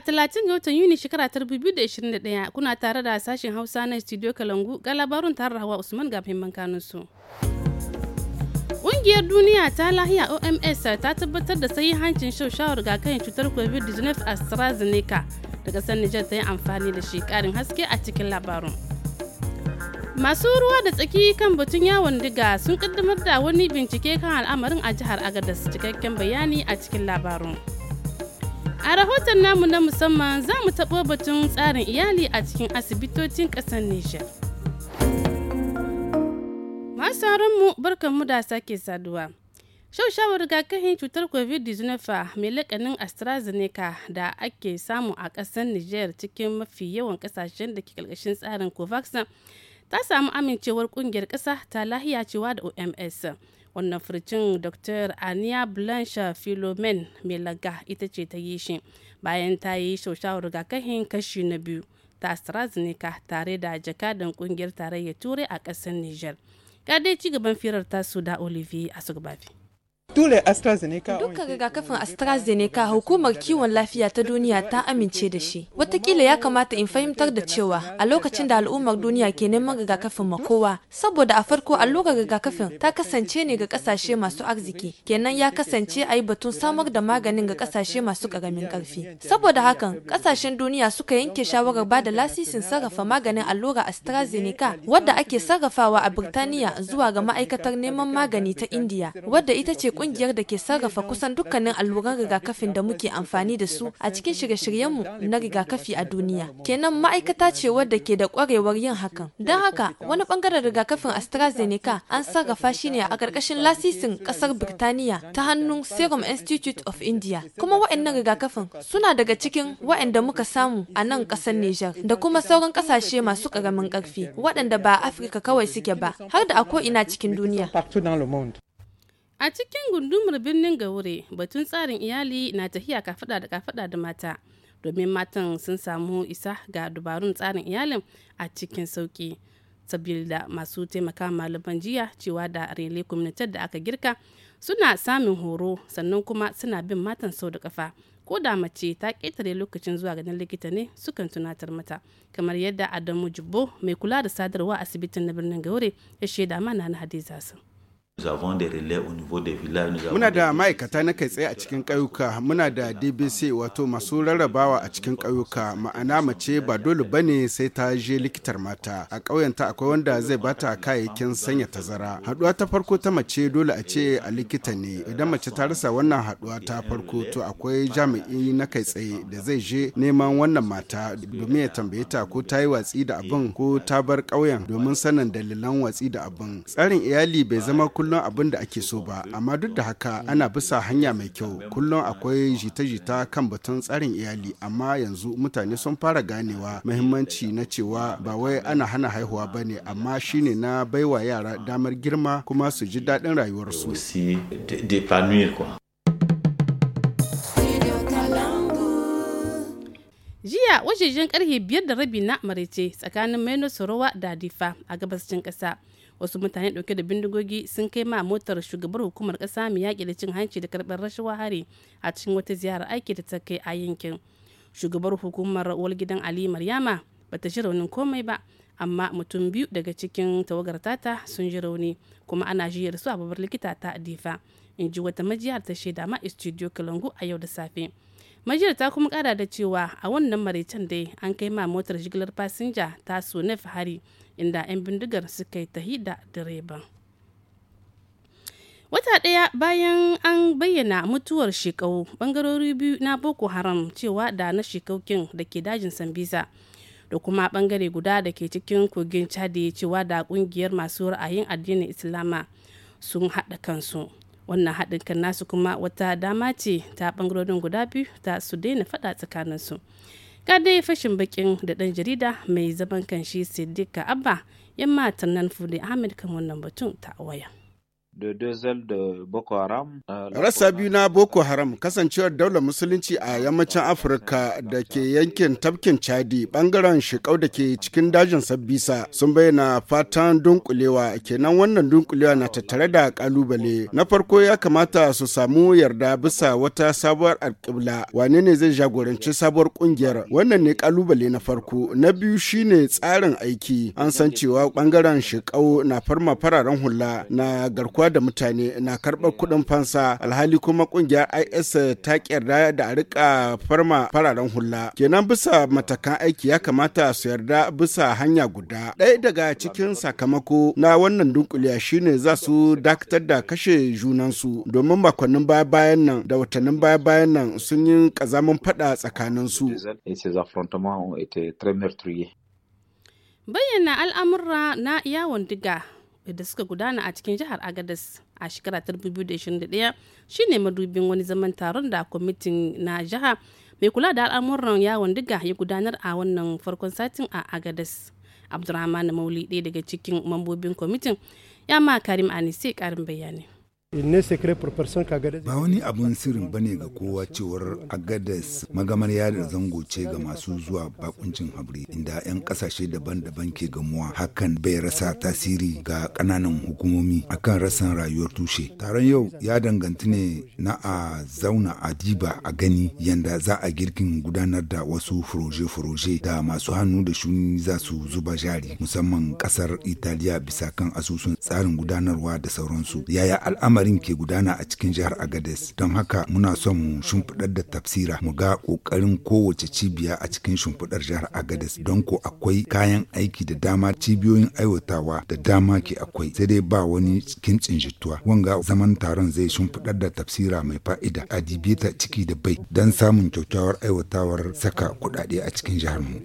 Talata 30 ga watan Yuni shekara ta 2021 kuna tare da sashen Hausa na Studio Kalangu ga labarun tare Hawa Usman ga fahimman kanunsu. Ƙungiyar duniya ta lahiya OMS ta tabbatar da hancin ga rigakafin cutar COVID-19 AstraZeneca daga ƙasar Nijar ta yi amfani da shi karin haske a cikin labarun. Masu ruwa da tsaki kan batun yawon diga sun kaddamar da wani bincike kan al'amarin a jihar Agadas cikakken bayani a cikin labarun. A rahoton namu na musamman za mu taɓo batun tsarin iyali a cikin asibitocin ƙasar Nijar. Masu mu barkan mu da sake saduwa. Shaushawar rigakafin cutar COVID-19 mai lakanin AstraZeneca da ake samu a ƙasar Nijar cikin mafi yawan ƙasashen da ke ƙarƙashin tsarin COVAX ta samu amincewar ƙungiyar ƙasa ta lahiya cewa da OMS. wannan furcin dr ania blanche philomen melaga ita ce ta yi shi bayan ta yi shaushawar rigakafin kashi na biyu ta astrazeneca tare da jakadan kungiyar tarayyar turai a ƙasar niger ga dai ci gaban firar tasu da olivier gabafi. Dole AstraZeneca. Dukkan rigakafin AstraZeneca hukumar kiwon lafiya ta duniya ta amince da shi. wataƙila ya kamata in fahimtar da cewa a lokacin da al'ummar duniya ke neman rigakafin ma kowa. Saboda a farko allurar rigakafin ta kasance ne ga kasashe masu arziki. Kenan ya kasance a yi batun samar da maganin ga kasashe masu ƙaramin ƙarfi Saboda hakan kasashen duniya suka yanke shawarar ba da lasisin sarrafa maganin allurar AstraZeneca wadda ake sarrafawa a Birtaniya zuwa ga ma'aikatar neman magani ta Indiya wadda ita ce kungiyar da ke sarrafa kusan dukkanin alluran rigakafin da muke amfani da su a cikin shirye-shiryenmu na rigakafi a duniya. Kenan ma'aikata ce wadda ke da kwarewar yin hakan. Don haka wani bangaren rigakafin AstraZeneca an sarrafa shi ne a ƙarƙashin lasisin ƙasar Birtaniya ta hannun Serum Institute of India. Kuma wa'annan rigakafin suna daga cikin wa'anda muka samu a nan ƙasar Nijar da kuma sauran ƙasashe masu ƙaramin ƙarfi waɗanda ba Afirka kawai suke ba har da a ko'ina cikin duniya. A cikin gundumar birnin Gaure, batun tsarin iyali na tahiya kafada da kafada da mata, domin matan sun samu isa ga dubarun tsarin iyalin a cikin sauki. Sabila masu taimaka malaman jiya cewa da rele kwamitar da aka girka suna samun horo sannan kuma suna bin matan sau da kafa. Ko da mace ta ƙetare lokacin zuwa ganin likita ne sukan tunatar mata, kamar yadda Adamu Jubbo mai kula da sadarwa asibitin na birnin Gaure ya shaida mana na Hadiza sun. Muna da ma'aikata na kai tsaye a cikin ƙauyuka, muna da DBC wato masu rarrabawa a cikin ƙauyuka, ma'ana mace ba dole ba ne sai ta je likitar mata. A ƙauyenta akwai wanda zai bata kayayyakin sanya tazara. Haɗuwa ta farko ta mace dole a ce a likita ne. Idan mace ta rasa wannan haɗuwa ta farko to akwai jami'i na kai tsaye da zai je neman wannan mata domin ya tambaye ta ko ta yi watsi da abin ko ta bar ƙauyen domin sanin dalilan watsi da abin. Tsarin iyali bai zama kullum kullum abin da ake so ba amma duk da haka ana bisa hanya mai kyau kullum akwai jita-jita kan batun tsarin iyali amma yanzu mutane sun fara ganewa mahimmanci na cewa ba wai ana hana haihuwa ba ne amma shine na baiwa yara damar girma kuma su ji daɗin rayuwarsu jiya wajejen karfe biyar da rabi na marice tsakanin maino sorowa da difa a gabashin kasa wasu mutane dauke da bindigogi sun kai ma motar shugabar hukumar kasa mai yaki da cin hanci da karbar rashawa hari a cikin wata ziyarar aiki da ta kai a yankin shugabar hukumar walgidan gidan ali maryama bata ji raunin komai ba amma mutum biyu daga cikin tawagar tata sun ji rauni kuma ana jiyar su a babbar likita ta difa in ji wata majiyar ta shaida ma studio kalangu a yau da safe majiyar ta kuma kara da cewa a wannan maraicen dai an kai ma motar jigilar fasinja ta na fahari inda 'yan bindigar suka yi tahi da direban wata daya bayan an bayyana mutuwar shekau bangarori biyu na boko haram cewa da na shekaukin da ke dajin sambisa da kuma bangare guda da ke cikin kogin chadi cewa da kungiyar masu ra'ayin addinin islama sun haɗa kansu wannan haɗin kan nasu kuma wata dama ce ta ɓangarorin guda biyu ta su daina faɗa tsakaninsu ga dai fashin bakin da ɗan jarida mai zaman kanshi siddiq abba yan matan nan fude ahmed kan wannan batun ta waya. da da Boko Haram. Euh, Rasa biyu na Boko Haram kasancewar daular musulunci a yammacin Afirka da ke yankin tafkin Chadi bangaren shekau da ke cikin dajin Sabbisa sun bayyana fatan dunkulewa kenan wannan dunkulewa na tattare da kalubale. Na farko ya kamata su samu yarda bisa wata sabuwar alƙibla wane ne zai jagoranci sabuwar kungiyar wannan ne kalubale na farko. Na biyu shine tsarin aiki an san cewa bangaren shekau na farma fararen hula na garkuwa rabuwa da mutane na karɓar kuɗin fansa alhali kuma ƙungiyar is ta ƙyarda da a rika farma fararen hula kenan bisa matakan aiki ya kamata su yarda bisa hanya guda ɗaya daga cikin sakamako na wannan dunkuliya shine za su dakatar da kashe junansu domin makonnin baya bayan nan da watannin baya bayan nan sun yi ƙazamin faɗa tsakaninsu bayyana al'amurra na yawon diga da suka gudana a cikin jihar agadas a shekara 2021 shine madubin wani zaman taron da kwamitin na jiha mai kula da al'amuran yawon diga ya gudanar a wannan farkon satin a agadas abdurrahman mauli ɗaya daga cikin mambobin kwamitin ya ma karim anise karin bayani Ba wani abun sirrin ba ne ga kowa cewar Agades magamar yada zango ce ga masu zuwa bakuncin habri inda 'yan kasashe daban-daban ke gamuwa hakan bai rasa tasiri ga kananan hukumomi akan rasan rayuwar tushe. Taron yau ya danganta ne na a zauna a diba a gani yanda za a girkin gudanar da wasu furoje-furoje da masu hannu da shuni za su zuba jari musamman kasar Italiya bisa kan asusun tsarin gudanarwa da sauransu. Yaya al'amari lamarin ke gudana a cikin jihar Agades. Don haka muna son mu shimfiɗar da tafsira mu ga ƙoƙarin kowace cibiya a cikin shimfiɗar jihar Agades don ko akwai kayan aiki da dama cibiyoyin aiwatawa da dama ke akwai sai dai ba wani cikin tsinjituwa. Wanga zaman taron zai shimfiɗar da tafsira mai fa'ida a dibita ciki da bai don samun kyaukyawar aiwatawar saka kuɗaɗe a cikin jihar mu.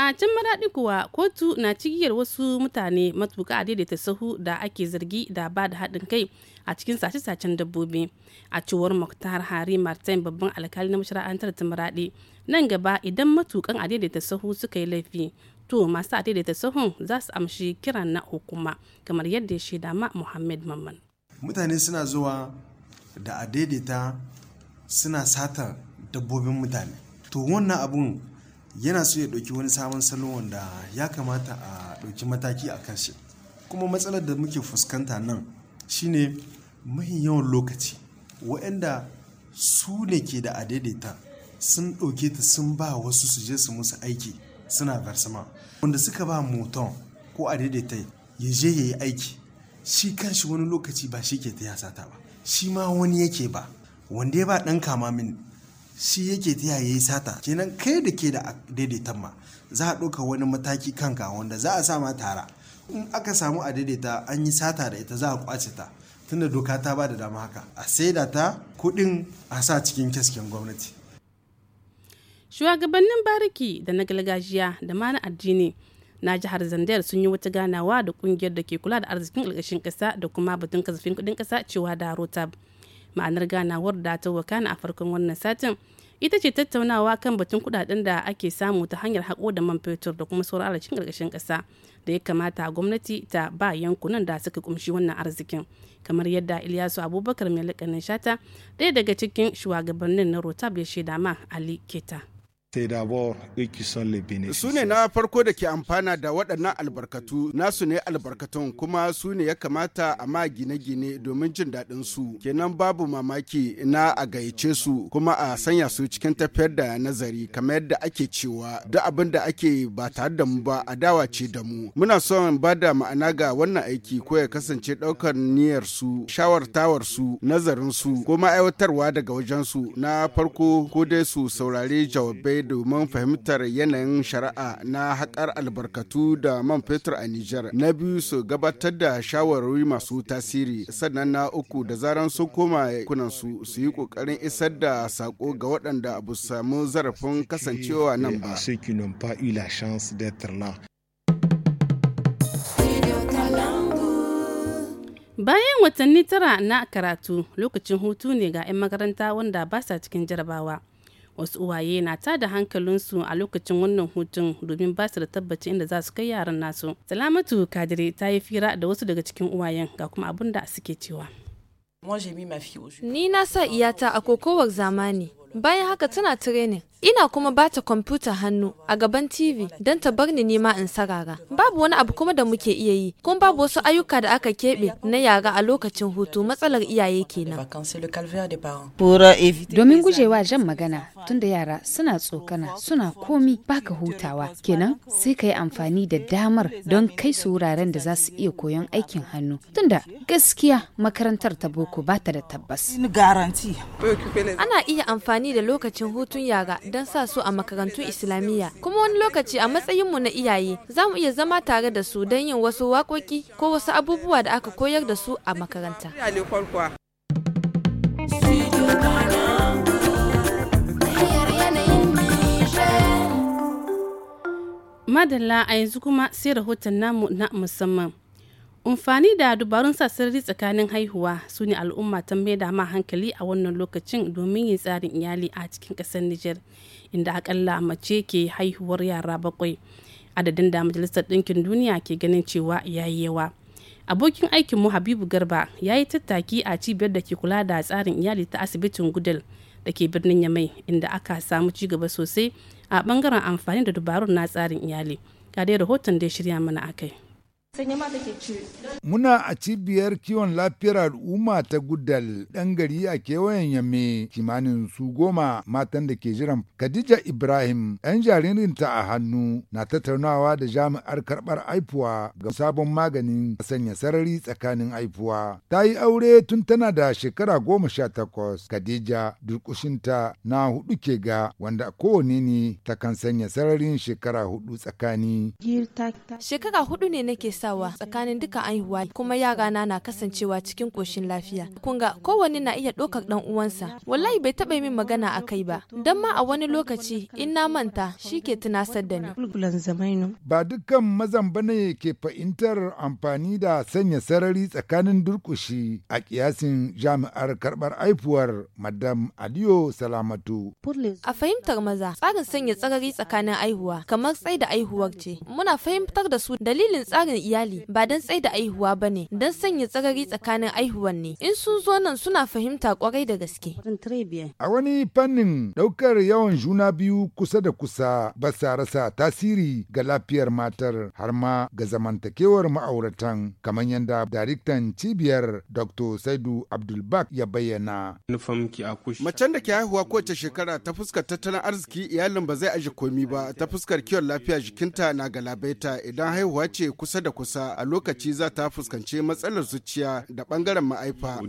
a can maraɗi kuwa kotu na cigiyar wasu mutane matuka a daidaita sahu da ake zargi da ba da haɗin kai a cikin sace-sacen dabbobi a cewar muktar hari martin babban alkali na mashara'antar ta maraɗi nan gaba idan matukan a daidaita sahu suka yi laifi to masu a daidaita sahun za su amshi kiran na hukuma kamar yadda ya shaida ma muhammad mamman mutane suna zuwa da a daidaita suna satar dabbobin mutane to wannan abun yana so ya ɗauki wani sabon salo wanda ya kamata a ɗauki mataki a kan kuma matsalar da muke fuskanta nan shine mahi yawan lokaci waɗanda su ne ke da adaidaita sun ɗauke ta sun ba wasu su je su musu aiki suna barsama wanda suka ba moton ko adaidaita ya je ya yi aiki shi shi wani lokaci ba shi ke ta yasa ta ba shi ma wani yake ba wanda ya ba ɗan kama min shi yake ta yaye sata kenan kai da ke da daidaitan ma za a ɗauka wani mataki kanka wanda za a sama tara in aka samu a daidaita an yi sata da ita za a kwace ta tunda doka ta ba da dama haka a saida ta kuɗin a sa cikin kasken gwamnati shugabannin bariki da na gargajiya da ma na addini na jihar zandar sun yi wata ganawa da kungiyar da ke kula da arzikin ƙarƙashin kasa da kuma batun kasafin kuɗin ƙasa cewa da rotab ma'anar ganawar da ta wakana a farkon wannan satin ita ce tattaunawa kan batun kudaden da ake samu ta hanyar haƙo da man fetur da kuma sauran arzikin ƙarƙashin ƙasa da ya kamata gwamnati ta ba yankunan da suka kumshi wannan arzikin kamar yadda ilyasu abubakar mai lakanin shata ɗaya daga cikin shugabannin na rotab ya shaida ma ali keta Su ne na farko da ke amfana da waɗannan albarkatu, nasu ne albarkatun kuma su ne ya kamata a ma gine-gine domin jin daɗin su. Kenan babu mamaki na a gayyace su kuma a sanya su cikin tafiyar da nazari kamar yadda ake cewa duk abin da ake ba tare da mu ba a dawa ce da mu. Muna son ba da ma'ana ga wannan aiki ko ya kasance ɗaukar niyyar su, shawartawar su, nazarin su, ko ma aiwatarwa daga wajen su na farko ko dai su saurari jawabai domin fahimtar yanayin shari'a na haƙar albarkatu da man fetur a Nijar. Na biyu su gabatar da shawarwari masu tasiri. Sannan na uku da zaran sun koma kunansu su yi ƙoƙarin isar da sako ga waɗanda abu samu zarafin kasancewa nan ba. Bayan watanni tara na karatu lokacin hutu ne ga 'yan makaranta wanda ba sa cikin jarabawa. wasu uwaye na ta da hankalinsu a lokacin wannan hutun domin ba su da tabbaci inda za su kai yaran nasu salamatu kadire ta yi fira da wasu daga cikin uwayen ga kuma abin da suke cewa Ni na sa iyata a kokowar zamani Bayan haka tana training. Ina kuma ba ta kwamfuta hannu a gaban TV don ta bar ni nema in sarara. Babu wani abu kuma da muke iya yi, kuma babu wasu ayyuka da aka keɓe na yara a lokacin hutu matsalar iyaye kenan. Domin gujewa jan magana tunda yara suna tsokana suna komi baka hutawa kenan sai ka yi amfani da damar don kai su wuraren da za su iya koyon aikin hannu tunda gaskiya makarantar ta boko ba ta da tabbas. Ana iya amfani amfani da lokacin hutun yara don sa su a makarantun islamiyya kuma wani lokaci a matsayinmu na iyaye za mu iya zama tare da su don yin wasu waƙoƙi ko wasu abubuwa da aka koyar da su a makaranta madalla a yanzu kuma sai rahoton namu na musamman Amfani da dubarun sa sarari tsakanin haihuwa su ne al'umma ta maida ma hankali a wannan lokacin domin yin tsarin iyali a cikin ƙasar Nijar, inda akalla mace ke haihuwar yara bakwai. Adadin da Majalisar Ɗinkin Duniya ke ganin cewa ya yi yawa. Abokin aikinmu Habibu Garba ya yi tattaki a cibiyar da ke kula da tsarin iyali ta asibitin Gudel da ke birnin Yamai, inda aka samu ci gaba sosai a bangaren amfani da dubarun na tsarin iyali. Ga dai rahoton da ya shirya mana akai. kai. Muna a cibiyar kiwon lafiyar al'umma ta Gudal ɗan gari a kewayen Yamme kimanin su goma matan da ke jiran Khadija Ibrahim ɗan jaririnta a hannu na tattaunawa da jami'ar karɓar aifuwa ga sabon maganin sanya sarari tsakanin aifuwa. Ta yi aure tun tana da shekara goma sha takwas Khadija durƙushinta na hudu ke ga wanda kowane ne ta kan sanya sararin shekara hudu tsakani. Shekara hudu ne nake sawa tsakanin duka aihuwa kuma yara na na kasancewa cikin koshin lafiya Kunga ga kowanne na iya ɗaukar ɗan uwansa wallahi bai taɓa min magana a kai ba Don ma a wani lokaci in na manta shi ke tunasar da ni ba dukkan mazan bane ke fahimtar amfani da sanya sarari tsakanin durkushi a kiyasin jami'ar karɓar aifuwar madam Aliyu salamatu a fahimtar maza tsarin sanya sarari tsakanin aihuwa kamar tsai da aihuwar ce muna fahimtar da su dalilin tsarin iyali ba don da aihuwa ba ne don sanya tsagari tsakanin aihuwan ne in sun zo nan suna fahimta kwarai da gaske. A wani fannin daukar yawan juna biyu kusa da kusa ba sa rasa tasiri ga lafiyar matar har ma ga zamantakewar ma'auratan kamar yadda daraktan cibiyar Dr. Saidu Abdulbak ya bayyana. Macen da ke haihuwa kowace shekara ta fuskar tattalin arziki iyalin ba zai aji komi ba ta fuskar kiwon lafiya jikinta na galabaita idan haihuwa ce kusa da kusa a lokaci za ta fuskanci matsalar zuciya da bangaren ma'aifa.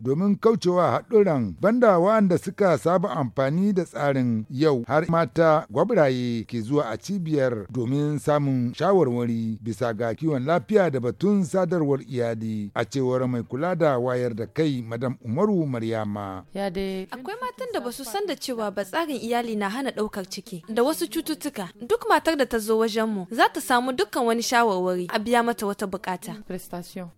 Domin kaucewa haɗuran banda waɗanda suka saba amfani da tsarin yau har mata gwabraye ke zuwa a cibiyar domin samun shawarwari bisa ga kiwon lafiya da batun sadarwar iyali a cewar mai kula da wayar da kai madam umaru maryama akwai matan da basu san da cewa ba tsarin iyali na hana ɗaukar ciki da wasu cututtuka duk matar da ta zo wajenmu za ta samu dukkan wani shawarwari a biya mata wata bukata.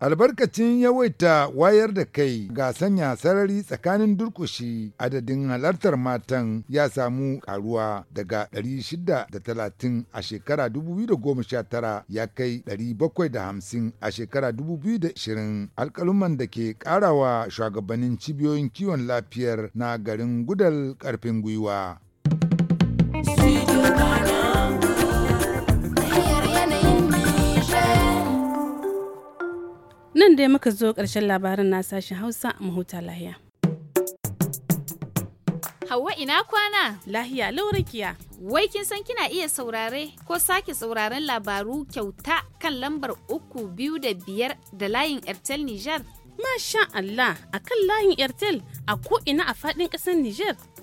Albarkacin yawaita wayar da kai ga sanya sarari tsakanin durkushi adadin halartar matan ya samu karuwa daga 630 a shekara 2019 ya kai 750 a shekara 2020 alkaluman da ke karawa shugabannin cibiyoyin kiwon lafiyar na garin gudal karfin gwiwa. nan dai muka zo ƙarshen labarin na sashen hausa mahuta lahiya Hauwa ina kwana? Lahiya laurakiya. Wai kin san kina iya saurare ko sake sauraren labaru kyauta kan lambar uku biyu da biyar da layin Airtel Niger? Masha Allah a kan layin Airtel a ko ina a faɗin ƙasar Niger.